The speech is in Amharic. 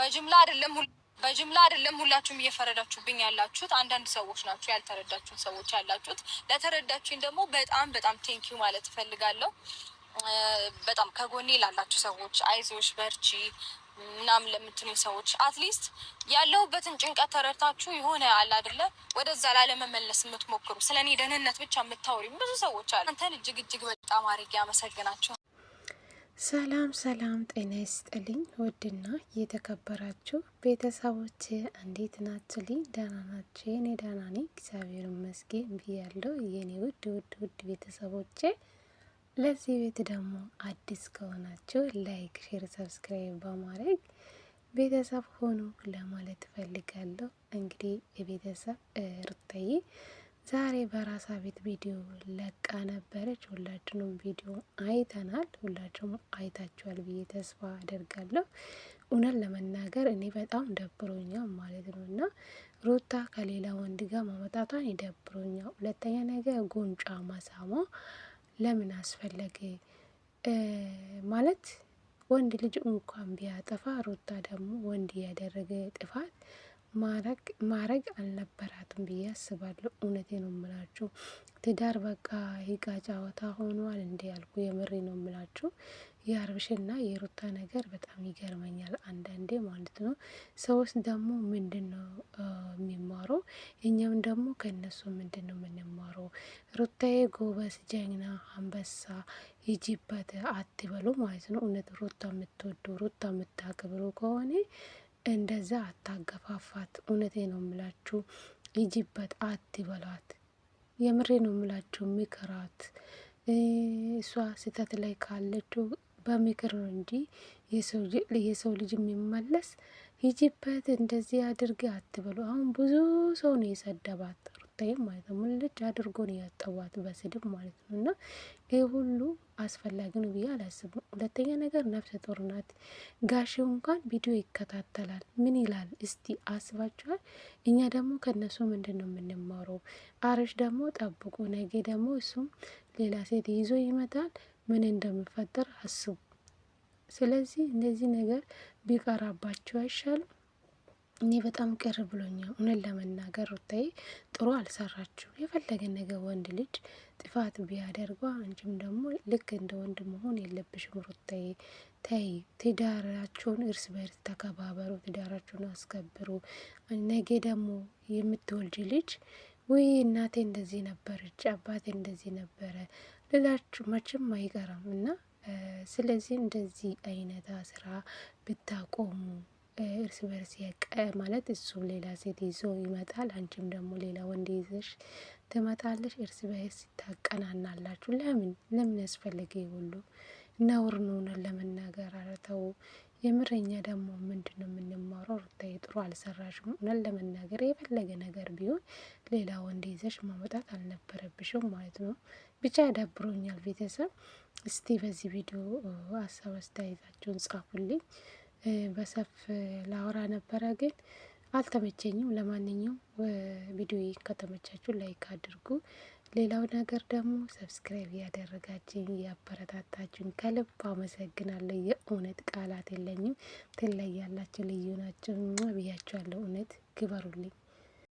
በጅምላ አይደለም በጅምላ አይደለም ሁላችሁም እየፈረዳችሁብኝ ያላችሁት አንዳንድ ሰዎች ናችሁ፣ ያልተረዳችሁን ሰዎች ያላችሁት። ለተረዳችሁኝ ደግሞ በጣም በጣም ቴንኪዩ ማለት እፈልጋለሁ። በጣም ከጎኔ ላላችሁ ሰዎች አይዞሽ፣ በርቺ ምናምን ለምትሉ ሰዎች አትሊስት ያለሁበትን ጭንቀት ተረድታችሁ የሆነ አለ አይደለ ወደዛ ላለመመለስ የምትሞክሩ ስለ እኔ ደህንነት ብቻ የምታወሪ ብዙ ሰዎች አሉ። አንተን እጅግ እጅግ በጣም አድርጌ አመሰግናቸው። ሰላም ሰላም፣ ጤና ይስጥልኝ ውድና የተከበራችሁ ቤተሰቦች እንዴት ናችሁልኝ? ደህና ናችሁ? የኔ ደህና ነኝ እግዚአብሔር ይመስገን ብያለሁ። የኔ ውድ ውድ ውድ ቤተሰቦቼ ለዚህ ቤት ደግሞ አዲስ ከሆናችሁ ላይክ፣ ሼር፣ ሰብስክራይብ በማድረግ ቤተሰብ ሆኑ ለማለት እፈልጋለሁ። እንግዲህ የቤተሰብ ሩታዬ ዛሬ በራሳ ቤት ቪዲዮ ለቃ ነበረች። ሁላችንም ቪዲዮ አይተናል። ሁላችሁም አይታችኋል ብዬ ተስፋ አደርጋለሁ። እውነት ለመናገር እኔ በጣም ደብሮኛል ማለት ነው እና ሩታ ከሌላ ወንድ ጋር መመጣቷን ይደብሮኛል። ሁለተኛ ነገር ጉንጫ ማሳሟ ለምን አስፈለገ ማለት ወንድ ልጅ እንኳን ቢያጠፋ ሩታ ደግሞ ወንድ ያደረገ ጥፋት ማረግ ማረግ አልነበራትም ብዬ አስባለሁ። እውነቴ ነው ምላችሁ ትዳር በቃ እቃ ጨዋታ ሆኗል እንዴ ያልኩ የምሬ ነው ምላችሁ የአብርሽና የሩታ ነገር በጣም ይገርመኛል አንዳንዴ ማለት ነው። ሰዎች ደግሞ ምንድን ነው የሚማረው? እኛም ደግሞ ከእነሱ ምንድን ነው የምንማረው? ሩታዬ ጎበዝ፣ ጀግና፣ አንበሳ ይጂበት አትበሉ ማለት ነው። እውነት ሩታ የምትወዱ ሩታ የምታከብሩ ከሆነ እንደዛ አታገፋፋት። እውነቴ ነው የምላችሁ፣ ይጅበት አትበሏት። የምሬ ነው ምላችሁ፣ ምክራት። እሷ ስህተት ላይ ካለችው በምክር ነው እንጂ የሰው ልጅ የሚመለስ። ይጅበት እንደዚህ አድርጌ አትበሉ። አሁን ብዙ ሰው ነው የሰደባት ሩታዬም ማለት ነው። ሙልጭ አድርጎ ነው ያጠዋት በስድብ ማለት ነው። እና ይህ ሁሉ አስፈላጊ ነው ብዬ አላስብም። ሁለተኛ ነገር ነፍሰ ጡር ናት። እንኳን ቪዲዮ ይከታተላል። ምን ይላል እስቲ አስባችኋል? እኛ ደግሞ ከነሱ ምንድን ነው የምንማረው? አርሽ ደግሞ ጠብቁ፣ ነገ ደግሞ እሱም ሌላ ሴት ይዞ ይመጣል። ምን እንደሚፈጠር አስቡ። ስለዚህ እንደዚህ ነገር ቢቀራባቸው አይሻልም? እኔ በጣም ቅር ብሎኛል። እውነት ለመናገር ሩታዬ ጥሩ አልሰራችው። የፈለገ ነገር ወንድ ልጅ ጥፋት ቢያደርጓ አንቺም ደግሞ ልክ እንደ ወንድ መሆን የለብሽም ሩታዬ። ተይ ትዳራችሁን እርስ በርስ ተከባበሩ፣ ትዳራችሁን አስከብሩ። ነገ ደግሞ የምትወልጅ ልጅ ውይ እናቴ እንደዚህ ነበረች፣ አባቴ እንደዚህ ነበረ ልላችሁ መቼም አይቀራም እና ስለዚህ እንደዚህ አይነት ስራ ብታቆሙ እርስ በርስ የቀ ማለት እሱም ሌላ ሴት ይዞ ይመጣል፣ አንቺም ደግሞ ሌላ ወንድ ይዘሽ ትመጣለሽ። እርስ በርስ ታቀናናላችሁ። ለምን ለምን ያስፈልገ ሁሉ ነውር ነውነ ለመናገር አረተው የምረኛ ደግሞ ምንድን ነው የምንማረው? ሩታዬ ጥሩ አልሰራሽም። እውነት ለመናገር የፈለገ ነገር ቢሆን ሌላ ወንድ ይዘሽ ማመጣት አልነበረብሽም ማለት ነው። ብቻ ያዳብሮኛል። ቤተሰብ እስቲ በዚህ ቪዲዮ ሀሳብ አስተያየታችሁን ጻፉልኝ። በሰፍ ላወራ ነበረ ግን አልተመቸኝም። ለማንኛውም ቪዲዮ ከተመቻችሁ ላይክ አድርጉ። ሌላው ነገር ደግሞ ሰብስክራይብ ያደረጋችኝ ያበረታታችሁኝ ከልብ አመሰግናለሁ። የእውነት ቃላት የለኝም። ትለያላችሁ፣ ልዩ ናቸው ብያችኋለሁ። እውነት ግበሩልኝ።